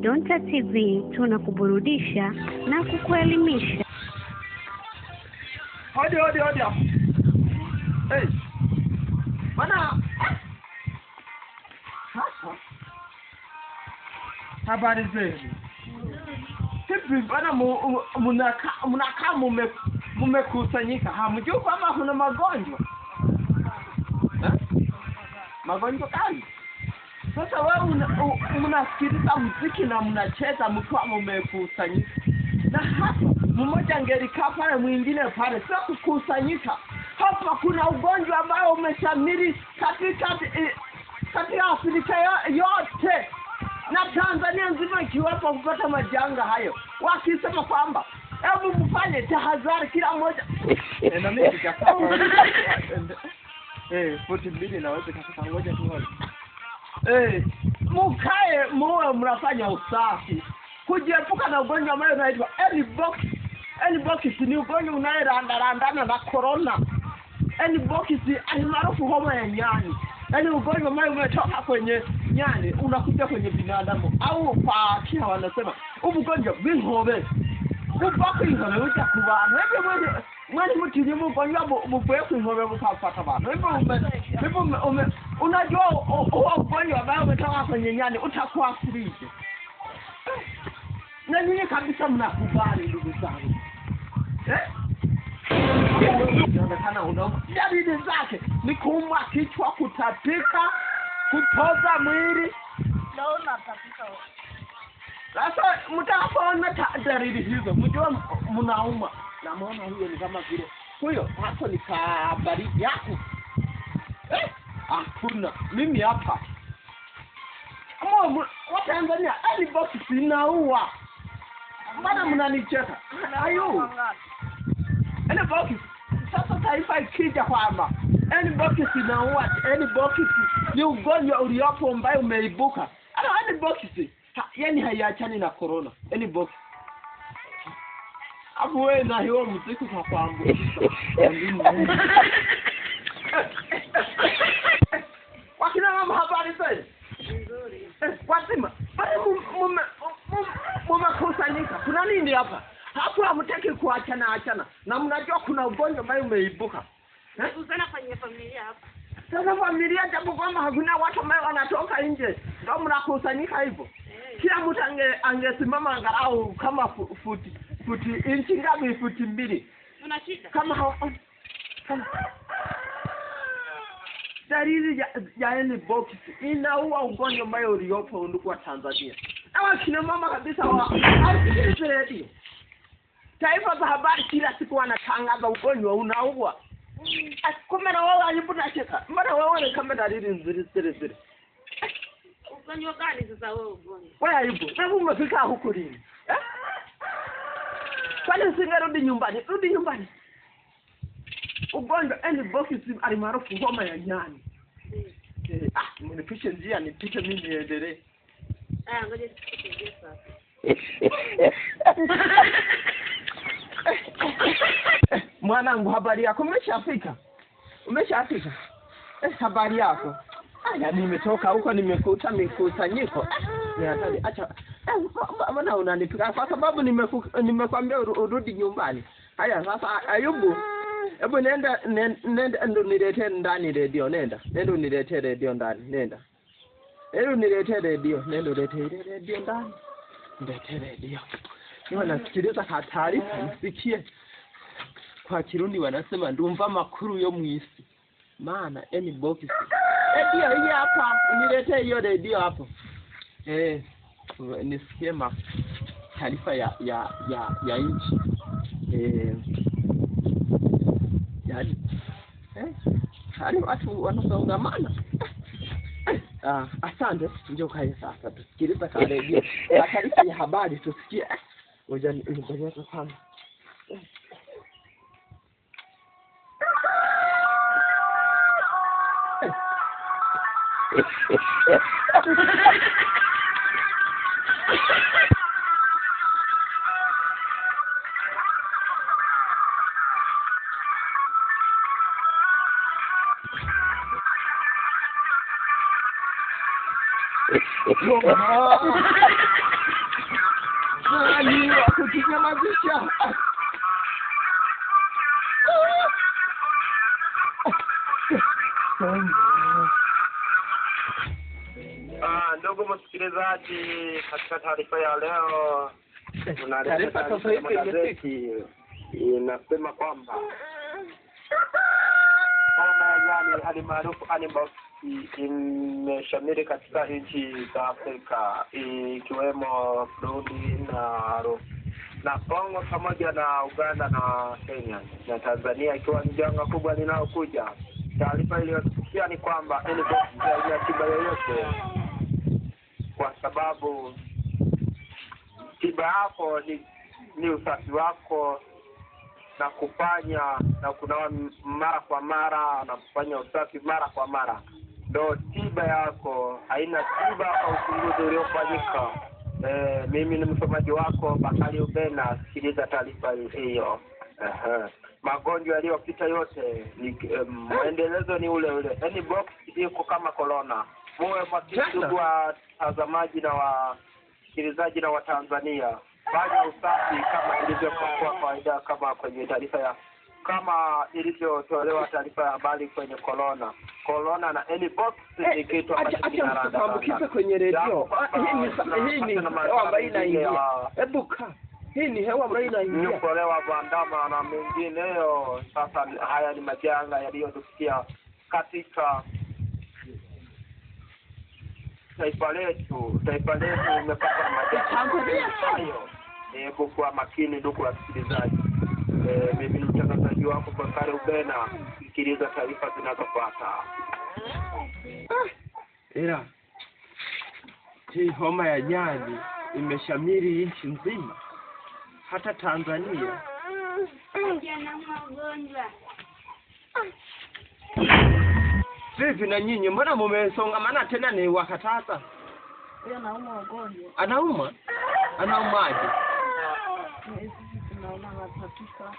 Donta TV tunakuburudisha na kukuelimisha. Hodi hodi hodi. Hey. Bana. Sasa. Habari zenu. Vipi bana mnaka mnaka mume mmekusanyika. Hamjui kwamba kuna magonjwa. Eh? Magonjwa gani? Sasa wewe mnasikiliza mziki na mnacheza mkiwa mmekusanyika, na hapa mmoja angelikaa pale, mwingine pale, sio kukusanyika. Hapa kuna ugonjwa ambao umeshamiri katika katika Afrika yote na Tanzania nzima ikiwepo kupata majanga hayo, wakisema kwamba hebu mfanye tahadhari kila mmoja eh, na mimi nikakaa eh 42 naweza kafika, ngoja hapo eh, mkae muwe mnafanya usafi kujiepuka na ugonjwa ambayo unaitwa Mpox. Mpox ni ugonjwa unayerandarandana na corona. Mpox almaarufu homa ya nyani, yaani ugonjwa ambayo umetoka kwenye nyani unakuja kwenye binadamu, au pakia wanasema ubugonjwa bw'inkobe buva kw'inkobe buja ku yaani mwene mwene mutinye ubugonjwa buvuye kw'inkobe bukafata abantu ebyo ume unajua kwenye nyani utakuwa kuwasilije? Na nyinyi kabisa mnakubali ndugu zangu eh? inaonekana unauma. Dalili zake ni kuumwa kichwa, kutapika, kutoza mwili. Naona tapika. Sasa mtakapoona dalili hizo, mjue mnauma. Namwona huyo ni kama vile huyo hapo ni kabaridi yako. Eh, hakuna mimi hapa Watanzania ani box inaua, mbona mnanicheka? Hayo ani box sasa, taifa ikija kwamba ani box inaua, ani box ni ugonjwa uliopo ambayo umeibuka, ana ani box ha, yani haiachani na corona, ani box afu wewe na hiyo mziki kwa kwangu gani hapa? Hapo hamtaki kuachana achana, na mnajua kuna ugonjwa ambao umeibuka sana eh? kwenye familia hapa. Sasa familia, japo kwamba hakuna watu ambao wanatoka nje, ndio mnakusanyika hivyo. Eh. Kila mtu ange angesimama angalau kama futi futi inchi ngapi? Futi mbili. Una shida kama kama dalili ya, ya box inaua ugonjwa ambao uliopo ndugu wa Tanzania hawa kina mama kabisa wa haisikilize redio. Taifa za habari kila siku wanatangaza ugonjwa unaugwa, kumbe na wewe alipo nacheka, mbona wewe ni kama dalili nzuri zile zile. Ugonjwa gani sasa wewe ugonjwa? Wewe alipo, hebu umefika huko lini? Kwani usingerudi nyumbani? Rudi nyumbani. Ugonjwa anibokisi alimaarufu homa ya nyani. Eh, ah, nipishe njia, nipishe mimi niendelee. Ah, Mwanangu, habari yako? Umeshafika? Umeshafika? Eh, habari yako? Aya, nimetoka huko, nimekuta mikusanyiko. Acha eh, mbona unanipiga? Kwa sababu nimekwambia urudi nyumbani. Haya sasa, Ayubu, hebu nenda nenda, nenda, nenda, nenda, nenda, Nenda nenda, nenda, nenda, nenda, nenda. Hebu niletee redio. Nenda uletee redio ndani. Niletee redio. Niwe nasikiliza ka taarifa eh. nisikie. Kwa Kirundi wanasema ndumva makuru yo mu isi. Maana any box. Redio eh, hii hapa, niletee hiyo redio hapo. Eh, nisikie ma taarifa ya ya ya ya nchi. Eh, yaani eh, hali watu wanasongamana. Ah, asante. Njoo kae sasa, tusikilize kwa redio taarifa ya habari, tusikie. Ngoja ngoja sana Nani ah, wa Ndugu msikilizaji, katika taarifa ya leo tunaletea magazeti inasema kwamba yani hali maarufu imeshamiri katika nchi za Afrika ikiwemo Burundi na na Kongo pamoja na Uganda na Kenya na Tanzania, ikiwa ni janga kubwa linalokuja. Taarifa iliyosikia ni kwamba haina tiba yoyote, kwa sababu tiba yako ni, ni usafi wako na kufanya na kunawa mara kwa mara na kufanya usafi mara kwa mara ndo tiba yako, haina tiba kwa uchunguzi uliofanyika. E, mimi ni msomaji wako Bakari Ubena, sikiliza taarifa hiyo. Magonjwa yaliyopita yote ni, um, mwendelezo ni ule ule, yaani box iko kama korona. Muwe makini ndugu watazamaji na wasikilizaji na Watanzania, fanya usafi kama ilivyokuwa kawaida, kama kwenye taarifa ya kama ilivyotolewa taarifa ya habari kwenye corona corona na any box ni eh, kitu ambacho kinaambukiza kwenye redio. Ah, hii ni ah, hewa ambayo inaingia, hebu kaa hii ni hewa ambayo inaingia kuolewa kuandama na mengineyo. Sasa haya ni majanga yaliyotukia katika taifa letu. Taifa letu imepata majanga hayo. Hebu kuwa makini, ndugu wasikilizaji. E, mimi mtangazaji wako Bakari Ubena, sikiliza taarifa zinazofuata. Ah, ila hii homa ya nyani imeshamiri nchi nzima, hata Tanzania jana na nyinyi, mbona mumesongamana tena? Ni wakatasa anauma ugonjwa, anauma anaumaje? naona watatika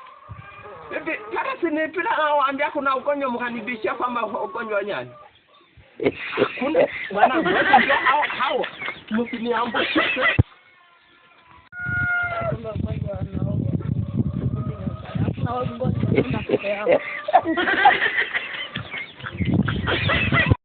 paka sinipira nawaambia kuna ugonjwa mkanibishia kwamba ugonjwa nyani kuna bwana hawa hawa msiniambushe